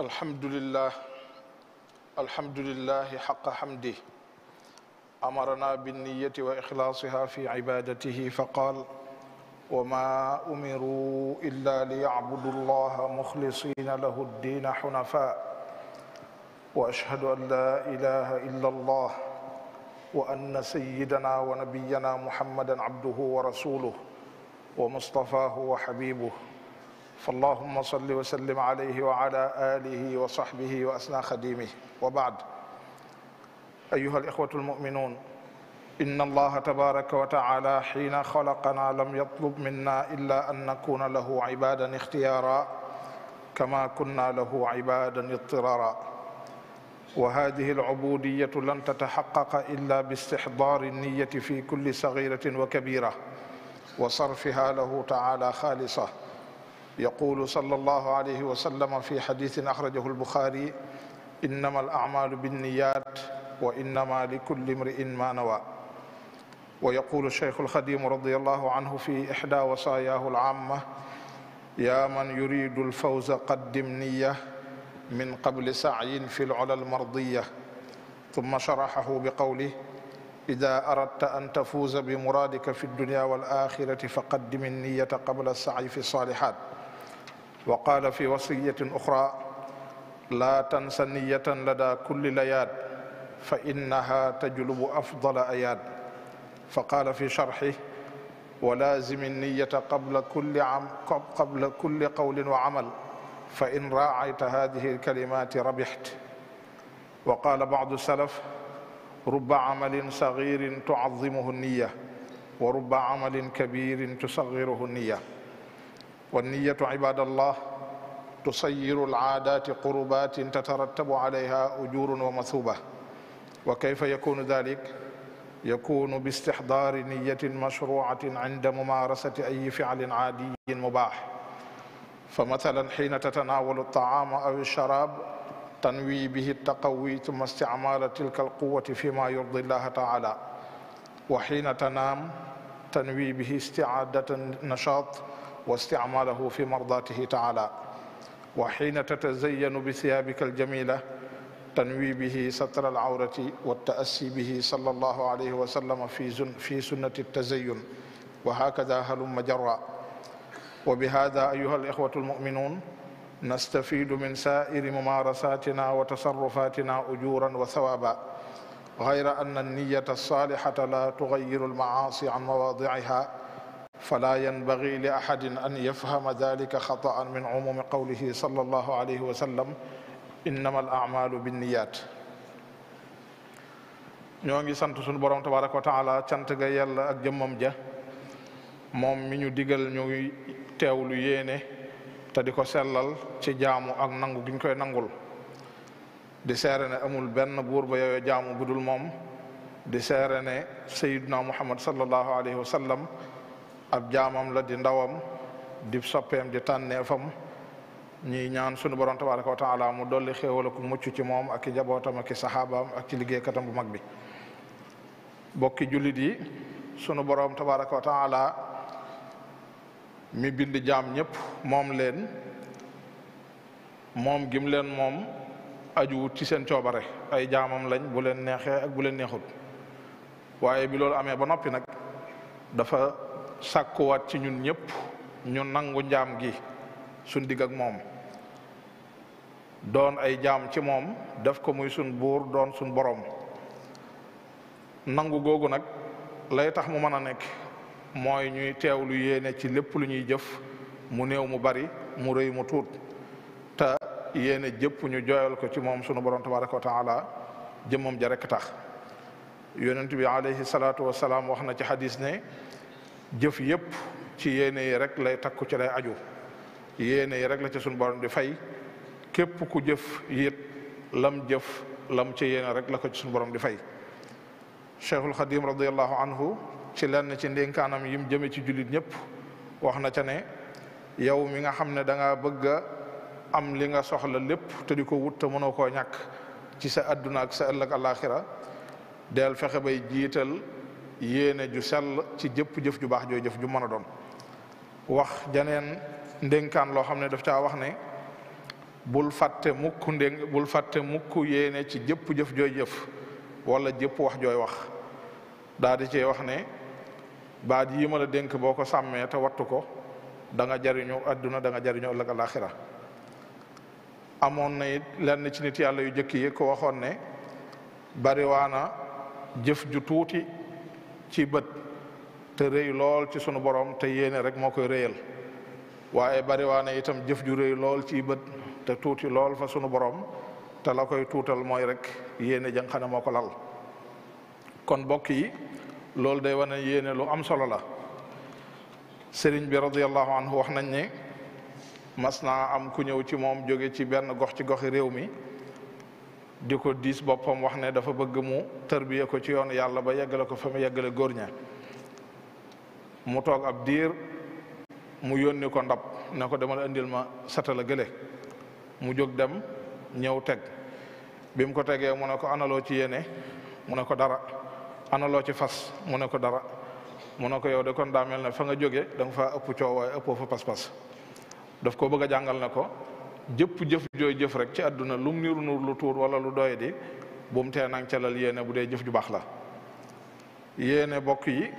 الحمد لله الحمد لله حق حمده امرنا بالنيه واخلاصها في عبادته فقال وما امروا الا ليعبدوا الله مخلصين له الدين حنفاء واشهد ان لا اله الا الله وان سيدنا ونبينا محمدا عبده ورسوله ومصطفاه وحبيبه فاللهم صل وسلم عليه وعلى آله وصحبه وأسنى خديمه وبعد أيها الإخوة المؤمنون إن الله تبارك وتعالى حين خلقنا لم يطلب منا إلا أن نكون له عبادا اختيارا كما كنا له عبادا اضطرارا وهذه العبودية لن تتحقق إلا باستحضار النية في كل صغيرة وكبيرة وصرفها له تعالى خالصة يقول صلى الله عليه وسلم في حديث أخرجه البخاري إنما الأعمال بالنيات وإنما لكل امرئ ما نوى ويقول الشيخ الخديم رضي الله عنه في إحدى وصاياه العامة يا من يريد الفوز قدم نية من قبل سعي في العلا المرضية ثم شرحه بقوله إذا أردت أن تفوز بمرادك في الدنيا والآخرة فقدم النية قبل السعي في الصالحات وقال في وصية أخرى لا تنس نية لدى كل لياد فإنها تجلب أفضل أياد فقال في شرحه ولازم النية قبل كل عم قبل كل قول وعمل فإن راعيت هذه الكلمات ربحت وقال بعض السلف رب عمل صغير تعظمه النية ورب عمل كبير تصغره النيه والنية عباد الله تصير العادات قربات تترتب عليها أجور ومثوبة وكيف يكون ذلك؟ يكون باستحضار نية مشروعة عند ممارسة أي فعل عادي مباح فمثلا حين تتناول الطعام أو الشراب تنوي به التقوي ثم استعمال تلك القوة فيما يرضي الله تعالى وحين تنام تنوي به استعادة النشاط واستعماله في مرضاته تعالى وحين تتزين بثيابك الجميلة تنوي به ستر العورة والتأسي به صلى الله عليه وسلم في في سنة التزين وهكذا هلم مجرى وبهذا أيها الإخوة المؤمنون نستفيد من سائر ممارساتنا وتصرفاتنا أجورا وثوابا غير أن النية الصالحة لا تغير المعاصي عن مواضعها فلا ينبغي لأحد أن يفهم ذلك خطأ من عموم قوله صلى الله عليه وسلم إنما الأعمال بالنيات نيوغي سانت سون بروم تبارك وتعالى سانت غا يالا اك جمم جا موم مي نيو ديغال نيو تيو لو تا ديكو سلال سي جامو اك نانغو غين كوي نانغول دي سيرنا امول بن بور با يوي جامو بودول موم دي سيرنا سيدنا محمد صلى الله عليه وسلم ab jaamam la di ndawam di soppeem di tànneefam ñuy ñaan sunu borom tabaraka wa taala mu dolli xéewal ak mucc ci moom ak i jabootam ak i saxaabaam ak ci liggéeykatam bu mag bi bokki jullit yi sunu borom tabaraka wa taala mi bind jam ñépp moom leen moom gim leen moom ajuwut ci seen coobare ay jaamam lañ bu leen neexee ak bu leen neexul waaye bi amee ba noppi nag dafa sàkkuwaat ci ñun ñëpp ñu nangu njaam gi suñ digg ak moom doon ay jaam ci moom def ko muy suñ buur doon suñ boroom nangu googu nag lay tax mu mën a nekk mooy ñuy teewlu yéene ci lépp lu ñuy jëf mu néew mu bari mu rëy mu tuut te yéene jëpp ñu jooyal ko ci moom sunu borom tabaraka wa taala jëmmam ja rekk tax yonent bi alayhi salaatu wasalaam wax na ci xadis ne jëf yëpp ci yéene yi rek lay takku ci lay aju yéene yi rek la ci suñu borom di fay képp ku jëf yit lam jëf lam ci yéene rek la ko ci suñu borom di fay cheikhul xadim radiallahu anhu ci lenn ci ndénkaanam yim jëme ci jullit ñëpp wax na ca ne yow mi nga xam ne da nga bëgg a am li nga soxla lépp te di ko wut te mënoo koo ñàkk ci sa adduna ak sa ëllëg alaxira del fexe bay jiital yéene ju sell ci jëpp jëf ju baax jooy jëf ju mën a doon wax janeen ndénkaan loo xam ne daf caa wax ne bul fàtte mukk ndén bul fàtte mukk yéene ci jëpp jëf jooy jëf wala jëpp wax jooy wax daa di cee wax ne baat yi ma la dénk boo ko sàmmee te wattu ko da nga jariñu adduna da nga jariñu ëllëg al axira amoon na it lenn ci nit yàlla yu jëkk yi ko waxoon ne bari waa na jëf ju tuuti ci bët te rëy lool ci sunu borom te yéene rek moo koy rëyal waaye bariwaane waane itam jëf ju rëy lool ci bët te tuuti lool fa sunu borom te la koy tuutal mooy rek yéene jang xane moo ko lal kon bokk yi loolu day wane yéene lu am solo la sëriñ bi radiallahu anhu wax nañ ne mas naa am ku ñëw ci moom jóge ci benn gox ci goxi réew mi di ko diis boppam wax ne dafa bëgg mu tërbiye ko ci yoonu yàlla ba yeggale ko fa mu yeggale góor ña mu toog ab diir mu yónni ko ndab ne ko demal indil ma a gële mu jóg dem ñëw teg bi mu ko tegee mu ne ko analoo ci yéene mu ne ko dara analoo ci fas mu ne ko dara mu ne ko yow de kon daa mel ne fa nga jóge da nga fa ëpp coow waaye ëppoo fa pas-pas daf ko bëgg a jàngal ne ko jëpp jëf jooy jëf rek ci àdduna lum niru nu lu tuur wala lu doy di bumu tee nang calal yéene bu dee jëf ju baax la yéene bokk yi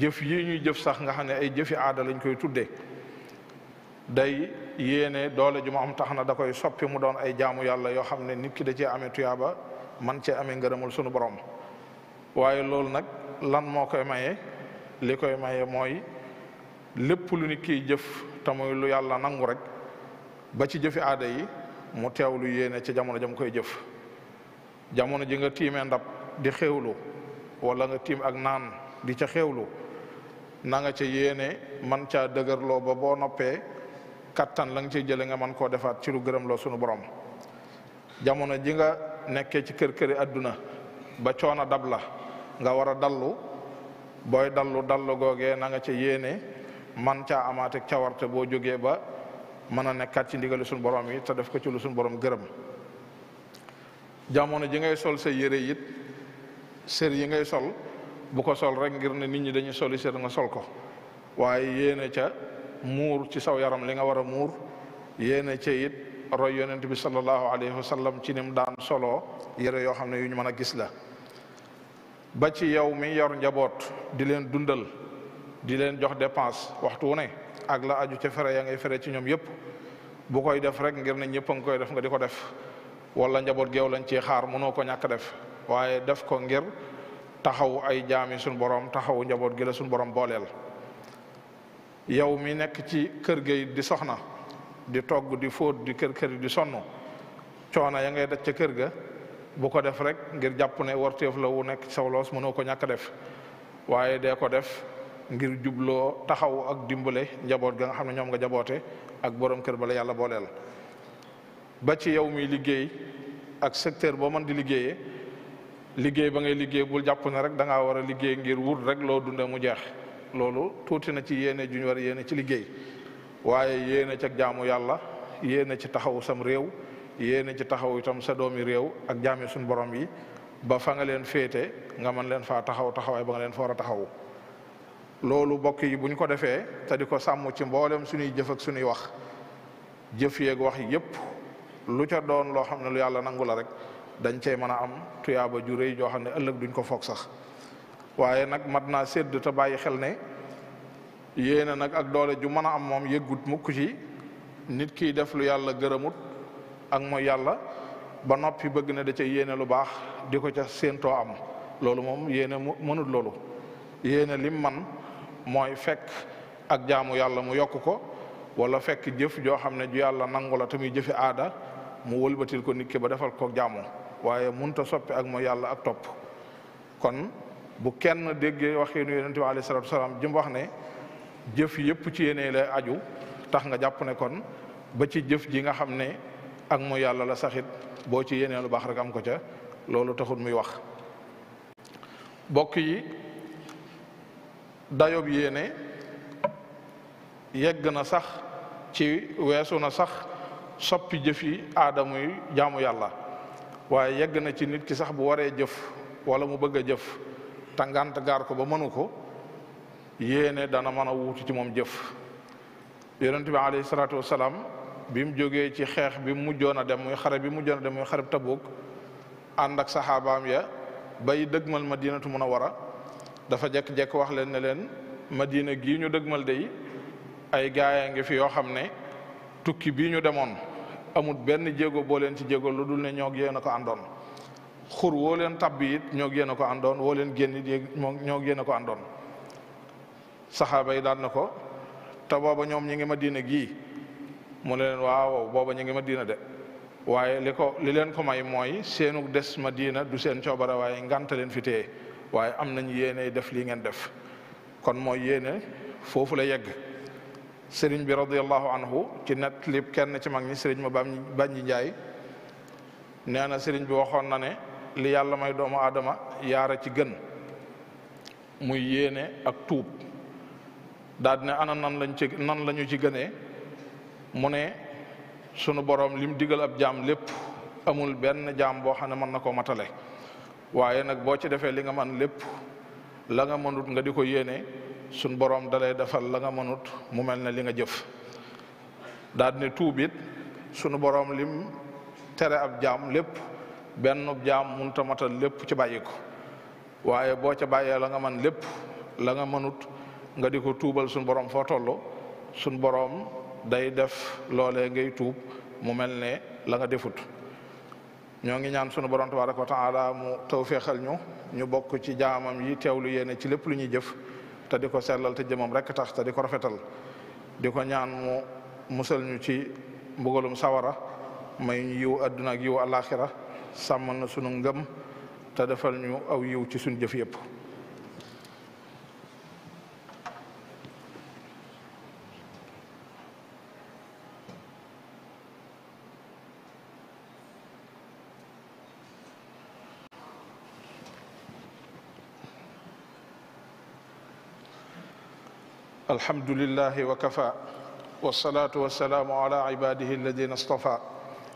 jëf yi ñuy jëf sax nga xam ne ay jëfi aada lañ koy tuddee day yéene doole ju ma am tax na da koy soppi mu doon ay jaamu yàlla yoo xam ne nit ki da cee amee tuyaaba man cee amee ngërëmul sunu borom waaye loolu nag lan moo koy maye li koy maye mooy lépp lu nit jëf te lu yàlla nangu rek ba ci jëfi aada yi mu teewlu yéene ca jamono jam koy jëf jamono ji nga tiimee ndab di xéewlu wala nga tiim ak naan di ca xéewlu na nga ca yéene man caa dëgërloo ba boo noppee kattan la nga ciy jële nga man koo defaat ci lu gërëmloo sunu borom jamono ji nga nekkee ci kër-këri adduna ba coona dab la nga war a dallu booy dallu dallu googee na nga ca yéene man caa amaateg cawarte boo jógee ba mana a nekkaat ci borami suñu borom yi te def ko ci lu borom gërëm jamono ji ngay sol sa yére it sër yi ngay sol bu ko sol rek ngir ne nit ñi dañuy soli sër nga sol ko waaye yéene ca muur ci saw yaram li nga war a muur yéene ca it roy yonent bi salallahu alayhi wa sallam ci nim daan soloo yére yoo xam ne yu ñu mën a gis la ba ci yow mi yor njaboot di leen dundal di leen jox dépense waxtu ne ak la aju ca fere ya ngay fere ci ñoom yépp bu koy def rek ngir ne ñëpp a koy def nga di ko def wala njaboot geew lañ ci xaar mënoo ko ñàkk def waaye def ko ngir taxaw ay jaami sun borom taxaw njaboot gi la sun borom bolel. yow mi nekk ci kër di soxna di togg di fóot di kër kër di sonn coono ya ngay daj kër ga bu ko def rek ngir jàpp ne warteef la wu nekk ci sawloos ko ñàkk def waaye ko def ngir jubloo taxaw ak dimbale njaboot ga nga xam ne ñoom nga jaboote ak borom kër bala yàlla booleel ba ci yow mi liggéey ak secteur boo man di liggéeyee liggéey ba ngay liggéey bul jàpp ne rek da ngaa war a liggéey ngir wut rek loo dundee mu jeex loolu tuuti na ci yéene juñ war a ci liggéey waaye yéene ci jaamu yàlla yéene ci taxaw sam réew yéene ci taxaw itam sa doomi réew ak jaami suñ borom yi ba fa nga leen féete nga mën leen faa taxaw taxawaay ba nga leen fa a taxawu loolu bokk yi bu ñu ko defee te di ko sàmm ci mboolem suñuy jëf ak suñuy wax jëf yeeg wax yépp lu ca doon loo xam ne lu yàlla nangu la rek dañ cey mën a am tuyaaba ju rëy joo xam ne ëllëg duñ ko foog sax waaye nag mat naa sédd te bàyyi xel ne yéena nag ak doole ju mën a am moom yëggut mukk ci nit ki def lu yàlla gërëmut ak mooy yàlla ba noppi bëgg na da ca yéene lu baax di ko ca séentoo am loolu moom yéene mënut loolu yéene lim man mooy fekk ak jaamu yàlla mu yokk ko wala fekk jëf joo xam ne ju yàlla nangu la te muy jëfi aada mu wolbatil ko nit ba defal ko jaamu waaye munta soppi ak mooy yàlla ak topp kon bu kenn déggee waxinu yonente bi alayhi salatu wasalaam jëm wax ne jëf yëpp ci yéene aju tax nga jàpp ne kon ba ci jëf ji nga xam ne ak mooy yàlla la saxit boo ci yéene lu baax rek am ko ca loolu taxul muy wax bokk dayob yéene yegg na sax ci weesu na sax soppi jëf yi aadamu yi jaamu yàlla waaye yegg na ci nit ki sax bu waree jëf wala mu bëgg a jëf te ngànt gaar ko ba mënu ko yéene dana mën a wuutu ci moom jëf yonent bi alayhi salaatu wasalaam bi mu jógee ci xeex bi mu mujjoon a dem muy xare bi mujjoon a dem muy xare Tabuk ànd ak saxaabaam ya bay dëgmal Madinatu Munawwara dafa jekk-jekk wax leen ne leen madina gii ñu dëgmal day ay gaaya ngi fi yoo xam ne tukki bii ñu demoon amut benn jéego boo leen ci jéego lu dul ne ñoo yéen ko àndoon xur woo leen tabb it ñoo yéen ko àndoon woo leen génn it ñoo yéen ko àndoon saxaaba yi daan na ko te booba ñoom ñi ngi madina gii mu ne leen waaw booba ñu ngi madina de waaye li ko li leen ko may mooy seenu des madina du seen coobara waaye ngànta leen fi waaye am nañ yéene def lii ngeen def kon mooy yéene foofu la yegg sëriñ bi radiallahu anhu ci net lib kenn ci mag ñi sëriñ ma bàññi njaay nee na sëriñ bi waxoon na ne li yàlla may doomu aadama yaara ci gën muy yéene ak tuub daal ne ana nan lañ nan lañu ci gënee mu ne sunu boroom lim digal ab jaam lépp amul benn jaam boo xam ne mën na koo matale waaye nag boo ci defee li nga man lépp la nga mënut nga di ko yéene suñ borom dalay defal la nga mënut mu mel ne li nga jëf daal ne tuubit sunu borom lim tere ab jaam lépp benn jaam munta matal lépp ci bàyyi waaye boo ci bàyyee la nga man lépp la nga mënut nga di ko tuubal suñ borom foo toll suñ boroom day def loole ngay tuub mu mel ne la nga defut ñoo ngi ñaan sunu borom tabaraka wa taala mu tawféexal ñu ñu bokk ci jaamam yi teewlu yéene ci lépp lu ñuy jëf te di ko sellal te jëmam rek tax te di ko rafetal di ko ñaan mu musal ñu ci mbugalum sawara may ñu yiw adduna ak yiw alaxira sàmmal na sunu ngëm te defal ñu aw yiw ci suñu jëf yëpp الحمد لله وكفى والصلاة والسلام على عباده الذين اصطفى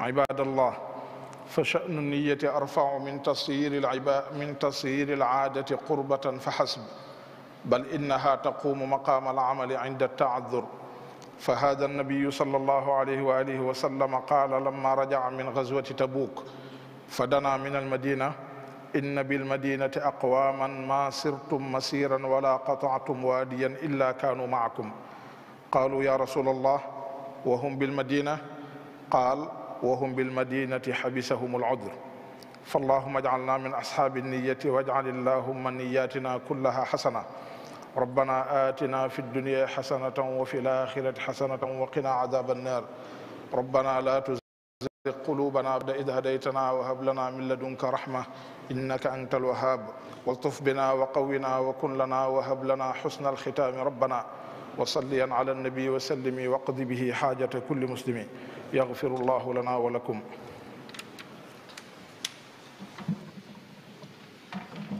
عباد الله فشأن النية أرفع من تصير العباء من تصير العادة قربة فحسب بل إنها تقوم مقام العمل عند التعذر فهذا النبي صلى الله عليه وآله وسلم قال لما رجع من غزوة تبوك فدنا من المدينة إن بالمدينة أقواما ما سرتم مسيرا ولا قطعتم واديا إلا كانوا معكم قالوا يا رسول الله وهم بالمدينة قال وهم بالمدينة حبسهم العذر فاللهم اجعلنا من أصحاب النية واجعل اللهم نياتنا كلها حسنة ربنا آتنا في الدنيا حسنة وفي الآخرة حسنة وقنا عذاب النار ربنا لا تزال قلوبنا إذ هديتنا وهب لنا من لدنك رحمة إنك أنت الوهاب والطف بنا وقونا وكن لنا وهب لنا حسن الختام ربنا وصليا على النبي وسلم واقض به حاجة كل مسلم يغفر الله لنا ولكم